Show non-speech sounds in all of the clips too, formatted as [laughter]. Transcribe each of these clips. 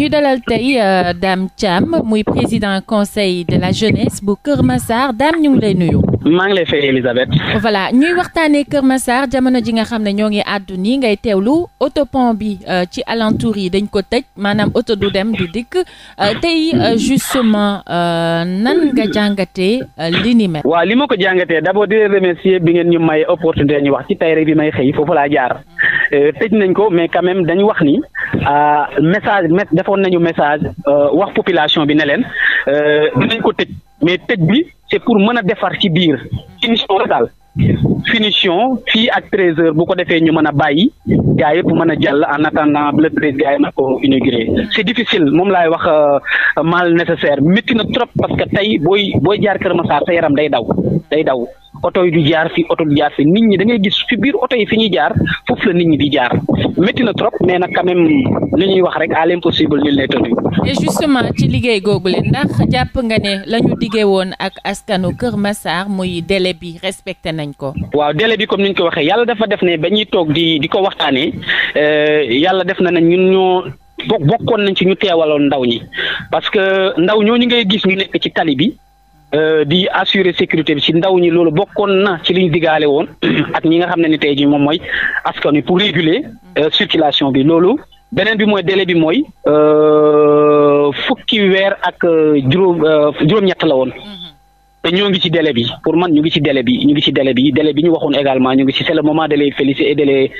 ñu dalal tey euh, Dame Thiam muy président conseil de la jeunesse bu Kër Massar Dame ñu ngi lay nuyu. maa ngi lay fay Elisabeth. voilà ñuy waxtaanee Kër Massar jamono ji nga xam ne ñoo ngi àddu nii ngay teewlu autopont bi euh, ci alentour yi dañ ko tëj maanaam auto du dem du dikk euh, tey euh, justement nan nga jàngatee li ni mel. waaw li ma ko jàngatee d'abord di leen remercier bi ngeen ñu may opportunité ñu wax ci tey rek bi may xëy foofu laa jaar tëj nañ ko mais quand même dañu wax ni message defoon nañu message wax population bi ne leen dañ ko tëj mais tëj bi. c' pour mën a defar ci biir finition la daal finition fii ak treize heures bu ko defee ñu mën a bàyyi gars yëpp mën a jàll en attendant le treize gars yi na ko inauguré c' difficile moom laay wax euh, mal nécessaire métti na trop parce que tey booy booy jaar Kër Massar sa yaram day daw day daw oto yi du jaar fi oto du jaar fi nit ñi da ngay gis fi biir oto yi fi ñuy jaar foofu la nit ñi di jaar métti na trop mais nag quand même ñuy wax rek à l'impossible nul n'est tenu. et justement ci liggéey googu leen ndax jàpp nga ne la diggee woon ak askanu Kër Massar muy délai bi respecté nañ ko. waaw délai bi comme ni ñu ko waxee yàlla dafa def ne ba ñuy toog di di ko waxtaanee euh, yàlla def na nañ ñun ñoo. bokkoon nañ ci ñu teewaloon ndaw ñi parce ndaw ci tali bi Euh, di assurer sécurité bi ci ndaw ñi loolu bokkoon na ci ñu digaale woon [clears throat] ak ñi nga xam ne ni tey ji moom mooy askan wi pour réguler euh, circulation bi loolu beneen bi mooy délai bi mooy euh, fukki weer ak juróom juróom-ñett la woon mm-hmm. te ñoo ngi ci délai bi pour man ñu ngi ci délai bi ñu ngi ci délai bi délai bi ñu waxoon également ñu ngi ci c'est le moment de les féliciter et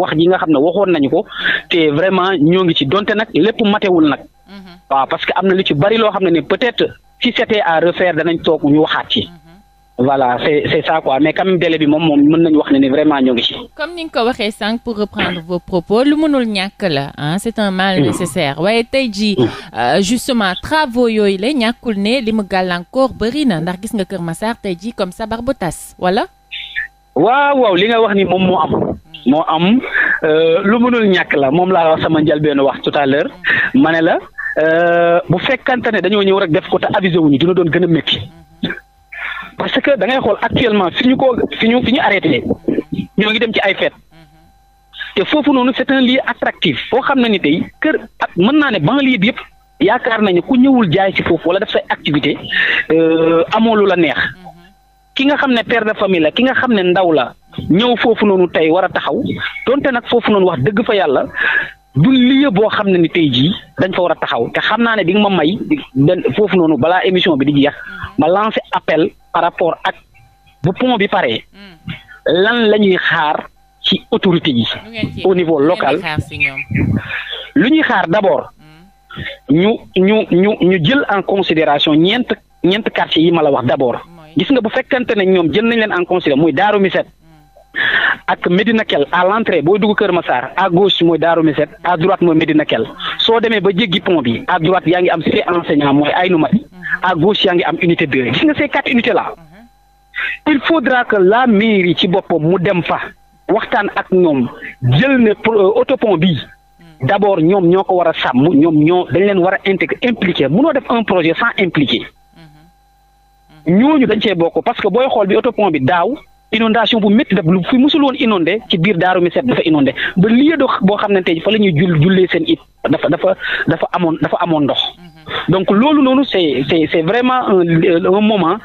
wax ñi nga xam ne waxoon nañu ko te vraiment ñoo ngi ci donte nag lépp matewul nag mm-hmm. waaw si c'était à refaire danañ toog ñu waxaat ci voilà c'est c'est ça quoi mais quand même bi moom moom mën nañu wax ne ni vraiment ñoo ngi comme ni nga ko waxee sànq pour reprendre vos propos lu mënul ñàkk la ah c'est un mal mm. nécessaire waaye tey jii mm. euh, justement travaux yooyu la ñàkkul ne li mu gàllankoor bëri na ndax gis nga Kër Massar tey jii comme ça barbu tas wala. waaw waaw li nga wax ni moom moo am. moo am euh, lu mënul ñàkk la moom laa wax sama njëlbeenu wax tout à l'heure ma ne la. Euh, bu fekkante ne dañoo ñëw rek def ko te avisé wuñu dina doon gën a métti parce que da ngay xool actuellement fi ñu ko fi ñu fi ñu arrêté ñoo ngi dem ci ay fête te foofu noonu c'est un lieu attractif foo xam ne ni tey kër ak mën naa ne banlieue lii yëpp yaakaar nañu ku ñëwul jaay ci foofu wala def say activité euh, amoo lu la neex ki nga xam ne per de famille la ki nga xam ne ndaw la ñëw foofu noonu tey war a taxaw donte nag foofu noonu wax dëgg fa yàlla du lieu boo xam ne ni tey jii dañ fa war a taxaw te xam naa ne bi nga ma may benn foofu noonu balaa émission bi di jeex ma lancer appel par rapport ak bu pont bi pare lan lañuy xaar ci autorité yi au niveau local lu ñuy xaar d'abord hmm. ñu ñu ñu ñu jël en considération ñeent ñeent quartiers yi ma la wax d'abord gis nga bu fekkante ne ñoom jël nañ leen en considération muy Darou Missette ak Medina Kell à l'entrée booy dugg Kër Massar à gauche mooy Darou Misset à droite mooy Medina soo demee ba jéggi pont bi à droite yaa ngi am cité enseignant mooy Aynou Madi à gauche yaa ngi am unité 2 gis nga ces quatre unités là il faudra que la mairie ci boppa mu dem fa waxtaan ak ñoom jël ne euh, autopont bi d'abord ñoom ñoo ko war a sàmm ñoom ñoo dañ leen war a intégrer impliqué munoo def un projet sans impliqué mm-hmm. mm-hmm. ñooñu dañ cee bokk parce que booy xool inondation bu métti def lu fi musul woon inondé ci biir Darou Minane dafa inondé ba lieu do boo xam ne tey fa la ñuy jul jullee seen it dafa dafa dafa amoon dafa amoon ndox mhm. donc loolu noonu c'est c'est c'est vraiment un un moment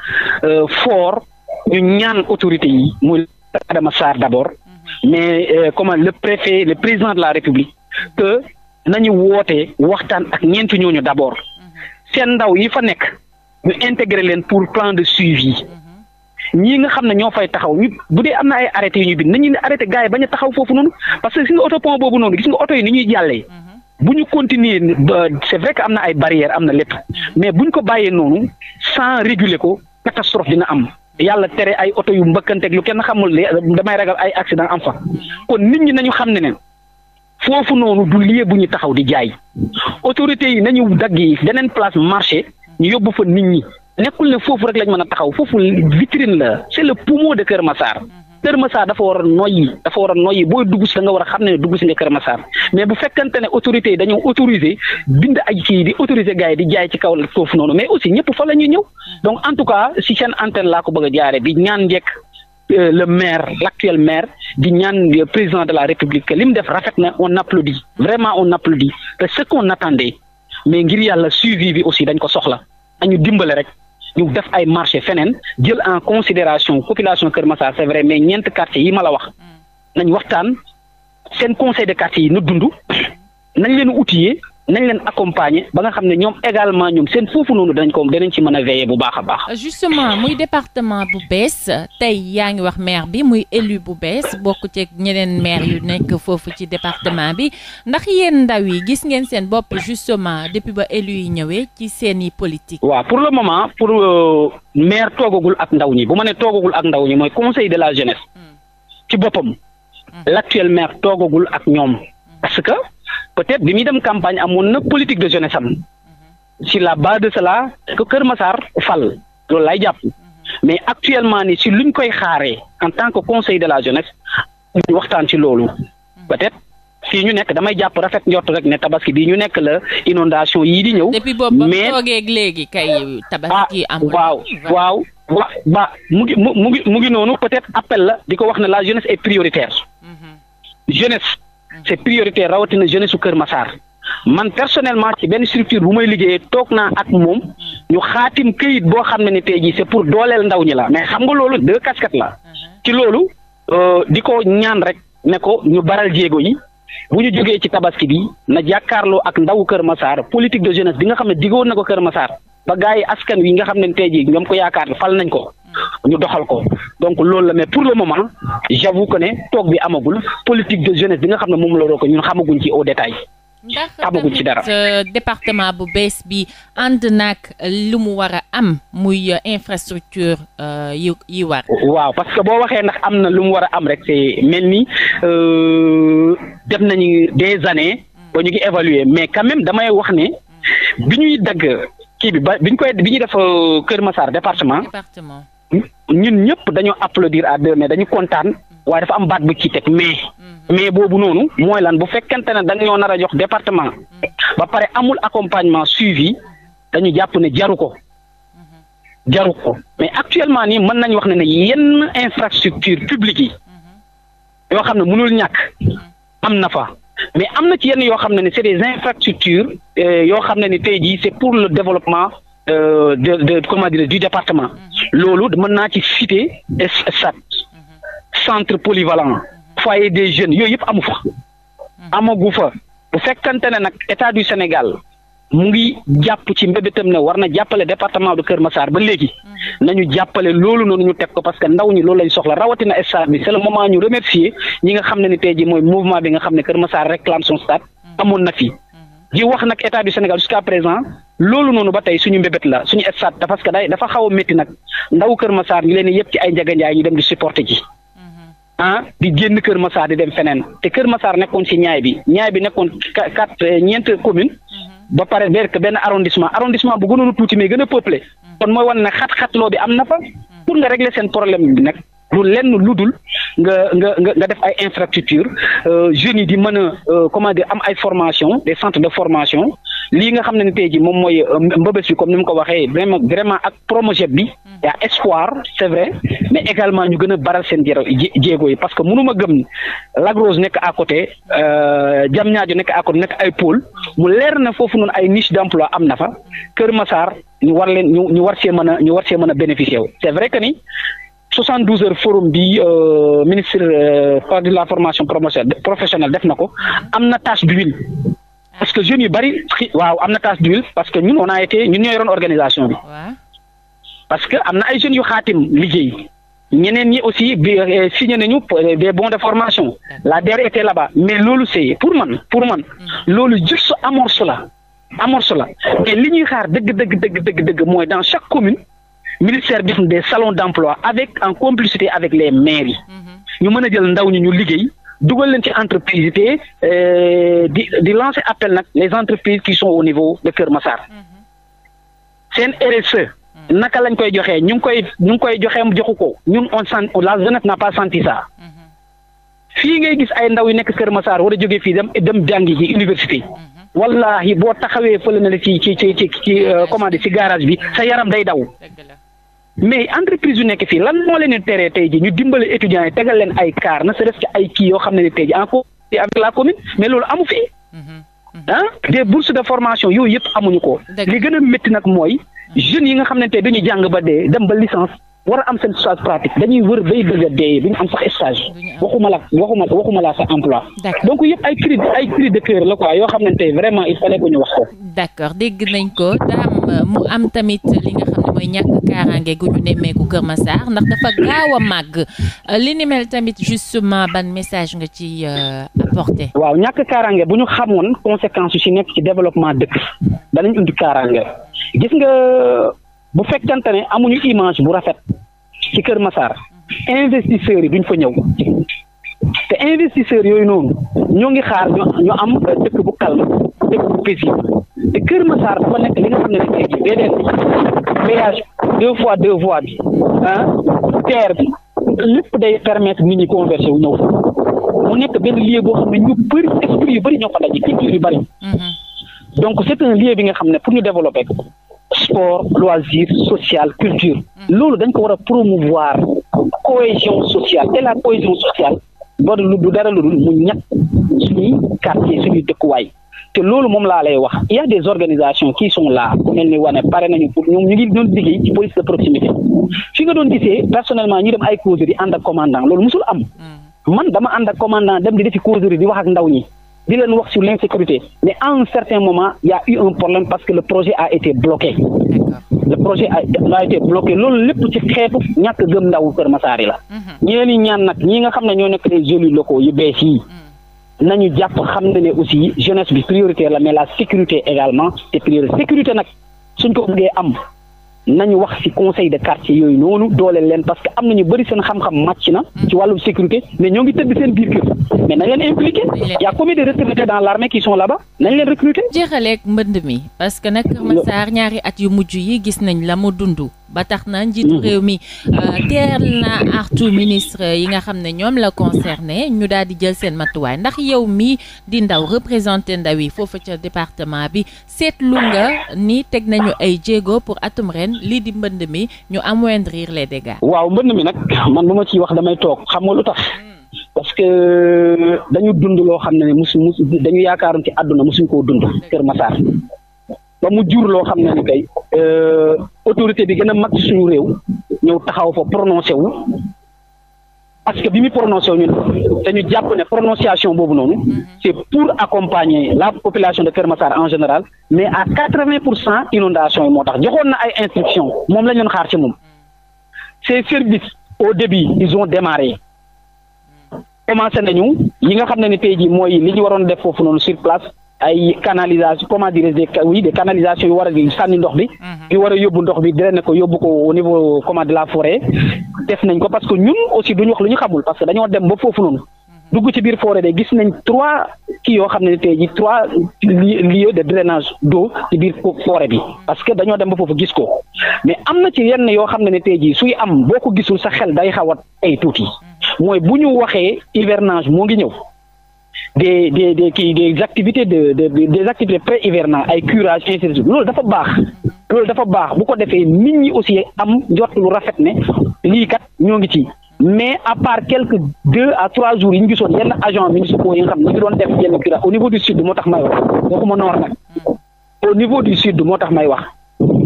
euh, foor ñu ñaan autorité yi muy Adama Sarr d'abord mhm. mais euh, comment le préfet le président de la République que nañu woote waxtaan ak ñeenti ñooñu d'abord mhm. seen ndaw yi fa nekk ñu intégrer leen pour plan de suivi. ñii nga xam ne ñoo fay taxaw ñu bu dee am na ay arrêté yu ñu bind nañu arrêté gars yi bañ a taxaw foofu noonu parce que gis nga oto boobu noonu gis nga oto yi ni ñuy jàllee bu ñu continuer c'est vrai que am na ay barrières am na lépp mais buñ ko bàyyee noonu sans réguler ko catastrophe dina am yàlla tere ay oto yu mbëkkanteeg lu kenn xamul damay ragal ay accident am fa kon nit ñi nañu xam ne foofu noonu du lieu bu ñu taxaw di jaay autorités yi nañu yi beneen place marché ñu yóbbu fa nit ñi nekkul ne foofu rek lañ mën a taxaw foofu vitrine la c'est le poumon de Kër Massar. Kër Massar dafa war a noyyi dafa war a noyyi booy dugg si da nga war a xam ne dugg si nga Kër Massar mais bu fekkante ne autorités yi dañoo autorisé bind ay kii di autorisé gars yi di jaay ci kaw la foofu noonu mais aussi ñëpp fa la ñuy ñëw donc en tout cas si seen antenne laa ko bëgg a jaare bi ñaan njëkk euh, le maire l'actuel maire di ñaan président de la république li mu def rafet na on applaudit vraiment on applaudit te ce qu'on attendait mais ngir yàlla suivi bi aussi dañ ko soxla añu dimbale rek. ñu def ay marché feneen jël en considération population Kër Massar c'est vrai mais ñeent quartier yi ma la wax nañ waxtaan seen conseil de quartier yi nu dund nañ leen outiller nañ leen accompagner ba nga xam ne ñoom également ñoom seen foofu noonu danañ ko danañ ci mën a veiller bu baax a baax. justement muy département bu bees tey yaa ngi wax maire bi muy élu bu bees bokk ci ñeneen maire yu nekk foofu ci département bi ndax yéen ndaw yi gis ngeen seen bopp justement depuis ba élu yi ñëwee ci seeni politique. waa pour le moment pour euh, maire toogagul ak ndaw ñi bu ma ne toogagul ak ndaw ñi mooy conseil de la jeunesse. Hmm. ci boppam. Hmm. l'actuel toogagul ak ñoom peut-être bi muy dem campagne amoon na politique de jeunesse am si la base de cela que Kër Massar fal loolu lay jàpp mais actuellement ni si ñu koy xaaree en tant que conseil de la jeunesse ñu waxtaan ci loolu peut-être fii ñu nekk damay jàpp rafet njot rek ne tabaski bi ñu nekk la inondation yii di ñëw. depuis boobu ba mu toogee léegi kay tabaski ah, am waaw waaw wa ba mu mu mu ngi mu ngi noonu peut-être appel la di ko wax ne la jeunesse est prioritaire mhm. c'est priorité rawatina jeunesse su Kër Massar man personnellement ci benn structure bu may liggéeyee toog naa ak moom ñu xaatim kayit boo xam ne ne tey jii c'est pour dooleel ndaw ñi la mais xam nga loolu deux casquettes la ci loolu euh, di ko ñaan rek ne ko ñu baral jéego yi bu ñu jógee ci tabaski bi na jàkkaarloo ak ndawu Kër Massar politique de jeunesse bi nga xam ne diggoon na ko Kër Massar ba gars yi askan wi nga xam ne tey jii ñoom ko yaakaar fal nañ ko. ñu doxal ko donc loolu la mais pour le moment j'avoue ko ne toog bi amagul politique de jeunesse bi nga xam ne moom la ko ñun xamaguñ ci au détail xamaguñ ci dara euh, département bu bees bi ànd nag lu mu war a am muy euh, infrastructure yi euh, yi war. waaw parce que boo waxee ndax am na lu mu war a am rek c'est mel ni def nañu des années. ba ñu ngi évaluer mais quand même damay wax ne bi ñuy dagg kii bi ba bi ñu koy bi ñuy def Kër Massar département. département. ñun ñëpp dañoo applaudir à deux mais dañu kontaan waaye dafa am baat bu ci teg mais mm-hmm. mais boobu noonu mooy lan bu fekkente ne dañ ñoo nar a jox département mm-hmm. ba pare amul accompagnement suivi dañu jàpp ne jaru ko mm-hmm. jaru ko mais actuellement nii mën nañu wax ne ne yenn infrastructure publique yi yoo xam ne mënul ñàkk am na fa mais am na ci yenn yoo xam ne ne c'est des infrastructures euh, yoo xam ne ni tey jii c'est pour le développement Euh, de de comment du département mhm. loolu mën naa ci cité SAT mhm. centre polyvalent mhm. foyer des jeunes yooyu yëpp amu fa amagu fa bu fekkante ne nag état du Sénégal mu ngi jàpp ci mbébétam ne war na jàppale département de Kër Massar ba léegi ñu jàppale loolu noonu ñu teg ko parce que ndaw ñi loolu lañ soxla rawatina stade bi c'est le moment ñu remercier ñi nga xam ne ni tey ji mooy mouvement bi nga xam ne Kër Massar réclame son stade amoon na fi di wax nag état du Sénégal loolu noonu ba tey suñu mbébét la suñu stade parce que day dafa xaw a métti nag ndaw Kër Massar ñu leen yëpp ci ay njaganjaay ñu dem di supporter ji mhm. ah di génn Kër Massar di dem feneen te Kër Massar nekkoon ci ñaay bi ñaay bi nekkoon quatre euh, ñeent commune mhm. ba pare benn arrondissement arrondissement bu gënoon a tuuti mais gën a peuplé mhm. kon mooy wan ne xat-xatloo bi am na fa pour nga régler seen problème bi nag du lenn lu dul nga nga nga nga def ay infrastructure euh, jeunes yi di mën a euh, comment dire am ay formation des centres de formation lii nga xam ne tey jii moom mooy euh, mbëbës bi comme ni mu ko waxee vraiment vraiment ak projet bi mm. y a espoir c'est vrai mais également ñu gën a baral seen jéego yi parce que mënu ma gëm Lac Rose nekk à côté Diamniadio nekk à côté nekk ay pôle mu leer na foofu noonu ay niche d'emploi am na fa Kër Massar ñu war leen ñu ñu war see mën a ñu war see mën a bénéficier wu 72 heures forum bi euh, ministre euh, de la formation professionnelle def na ko am na tâche d'huile parce que jeunes yu bari waaw am na tâche d'huile parce que ñun on a été ñun ñoo yoroon organisation bi parce que am na ay jeunes yu xaatim liggéey ñeneen ñi aussi bi euh, signé nañu des bons de formation la DER était là-bas mais loolu c'est pour man pour man hmm. loolu juste amorce la amorce la mais li ñuy xaar dëgg dëgg dëgg dëgg dëgg mooy dans chaque commune ministère bi de salons d'emploi avec en complicité avec les mairies ñu mën a jël ndaw ñi ñu liggéey dugal leen ci entreprise te euh, di di lancer appel nag les entreprises qui sont au niveau de Kër Massar seen RSE naka lañ koy joxee ñu ngi koy ñu ngi koy joxeem joxu ko ñun on sent la jeunesse n'a pas senti ça fii ngay gis ay ndaw yu nekk Kër Massar war a jógee fii dem dem jàngi ci université wallahi boo taxawee fële na ci ci ci ci euh, commande ci garage bi sa yaram day daw mais entreprise yu nekk fii lan moo leen di teree tey ji ñu dimbale étudiants yi tegal leen ay car na sa def ci ay kii yoo xam ne tey ji en coopération avec la commune mais loolu amu fi. de mhm. mhm. ah des de formation yooyu yëpp amuñu ko. li gën a métti nag mooy mhm. jeune yi nga xam ne tey dañuy jàng ba dee dem ba licence war a am seen stage pratique dañuy wër bay bëgg a dee duñu am sax stage waxuma la waxuma waxuma laa sa emploi donc yëpp ay cri ay cri de cœur la quoi yoo xam ne tey vraiment il fallait que ñu wax ko. d'accord dégg nañ ko mu am tamit mooy ñàkk kaaraange gu ñu nemmeeku Kër Massar ndax dafa gaaw a màgg euh, li ni tamit justement ban message nga ci euh, apporter. waaw ñàkk kaaraange bu ñu xamoon conséquences yu ci nekk ci développement dëkk danañ indi kaaraange gis nga bu fekkante ne amuñu image bu rafet ci Kër Massar investisseurs yi duñ fa ñëw. te investisseurs yooyu noonu ñoo ngi xaar ñu am dëkk bu calme dëkk bu paisible te Kër Massar dafa nekk li nga xam ne ne tey jii péage deux fois deux voies bi ah terre bi lépp day permettre nit ñi converser wu ñëw mu nekk benn lieu boo xam ne ñu bëri esprit yu bëri ñoo fa daje culture yu bari mm-hmm. donc c'est un bi nga xam ne pour ñu développer ko sport loisir social culture mm-hmm. loolu dañ ko war a promouvoir cohésion sociale et la cohésion sociale bor lu du dara lu dul mu ñàkk suñuy quartier suñuy dëkkuwaay te loolu moom laa lay wax il a des organisations qui sont là ku mel ni wane pare nañu pour ñoom ñu ngi doon liggéey ci police de proximité fi nga doon gisee personnellement ñu dem ay causerie ànd ak commandant loolu musul am hmm. man dama ànd ak commandant dem di defi causerie di wax ak ndaw ñi di leen wax sur l'insécurité mais à un certain moment a eu un problème parce que le projet a été bloqué le projet a, a été bloqué loolu lépp ci xeetu ñàkk gëm ndaw Kër Massar yi la hmm. nañu jàpp xam na ne aussi jeunesse bi priorité la mais la sécurité également te priorité sécurité nag suñ ko bëggee am nañu wax ci conseil de quartier yooyu noonu dooleel leen parce que am na ñu bëri seen xam-xam màcc na mm. ci wàllum sécurité mais ñoo ngi tëdd seen biir kër mais nañ leen impliqué y a combien de retraités dans l'armée qui sont là-bas nañ leen recruter. jeexaleeg mbënd mi parce que nag Keur Massar ñaari at yu mujj yi gis nañ la mu dund. ba tax na njiitu réew mi euh, teel na artu ministre yi nga xam ne ñoom la concerné ñu daal di jël seen matuwaay ndax yow mii di ndaw représenté ndaw yi foofu ca département bi seetlu nga ni teg nañu ay jéego pour atum ren lii di mbënd mi ñu amoindrir le dégâts. waaw mbënd mi nag man bu ma ciy wax damay toog xam nga lu tax. Hmm. parce dañu dund loo xam ne musu musu dañu yaakaaroon ci àdduna musuñ koo dund hmm. Kër Massar ba mu jur loo xam ne ni tey euh, autorité bi gën a mag ci suñu réew ñëw taxaw fa prononcé wu parce que bi mu prononcé wu ñu te ñu jàpp ne prononciation boobu noonu mm-hmm. c' pour accompagner la population de Kër Massar en général mais à quatre vingt pour cent inondation yi moo tax joxoon na ay instruction moom la ñu doon xaar ci moom ces services au début ils ont démarré mm-hmm. commencé nañu yi nga xam ne ni tey jii mooy li ñu waroon def foofu noonu sur place ay canalisation comment dirais-je des oui yu war a sànni ndox bi mhm. yu war a ndox bi drainer ko yóbbu ko au niveau comment de la forêt def nañ ko parce que ñun du ñu wax lu ñu xamul parce que dañoo dem ba foofu noonu mhm. dugg ci biir forêt de gis nañ trois kii yoo xam ne tey ji trois lieux de drainage d'eau ci biir forêt bi parce que dañoo dem ba foofu gis ko mais am na ci yenn yoo xam ne ne tey ji suy am boo ko gisul sa xel day xawat ay tuuti mhm. mooy bu ñu waxee hivernage moo ngi ñëw des des des kii des activités de de des activités pré-hivernales ay curage ainsi de suite loolu dafa baax loolu dafa baax bu ko defee nit ñi aussi am njort lu rafet ne lii kat ñoo ngi ci mais à part quelques deux à trois jours yi ñu gisoon yenn agents municipaux yi nga xam ne ñu ngi doon def yenn curage au niveau du sud moo tax may wax waxuma noor nag au niveau du sud moo tax may wax.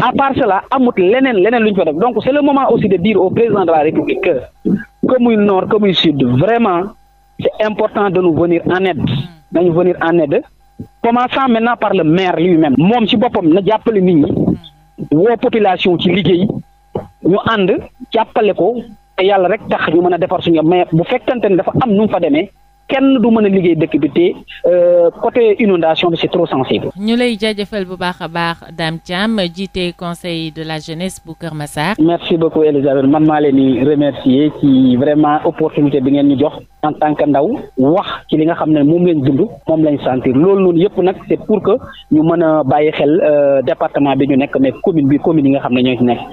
à part cela amut leneen leneen lu ñu fa def donc c'est le moment aussi de dire au président de la république que que muy nord que muy sud vraiment c'est important de nous venir en aide nañu venir en aide commençant maintenant par le maire lui-même moom ci boppam na jàppale nit ñi woo population ci liggéey ñu ànd jàppale ko te yàlla rek tax ñu mën a defar suñu maire bu fekkante ne dafa am nu fa demee kenn du mën a liggéey dëkk bi te euh, côté inondation bi c'est trop sensible. ñu lay jaajëfal bu baax a baax Dame Thiam jiite conseil de la jeunesse bu Kër Massar. merci beaucoup Elisabeth man maa leen di remercier ci vraiment opportunité bi ngeen ñu jox en tant que ndaw wax ci li nga xam ne moom lañ dund moom lañ sentir loolu noonu yëpp nag c'est pour que ñu mën a bàyyi xel euh, département bi ñu nekk mais commune bi commune yi nga xam ne ñoo ci nekk.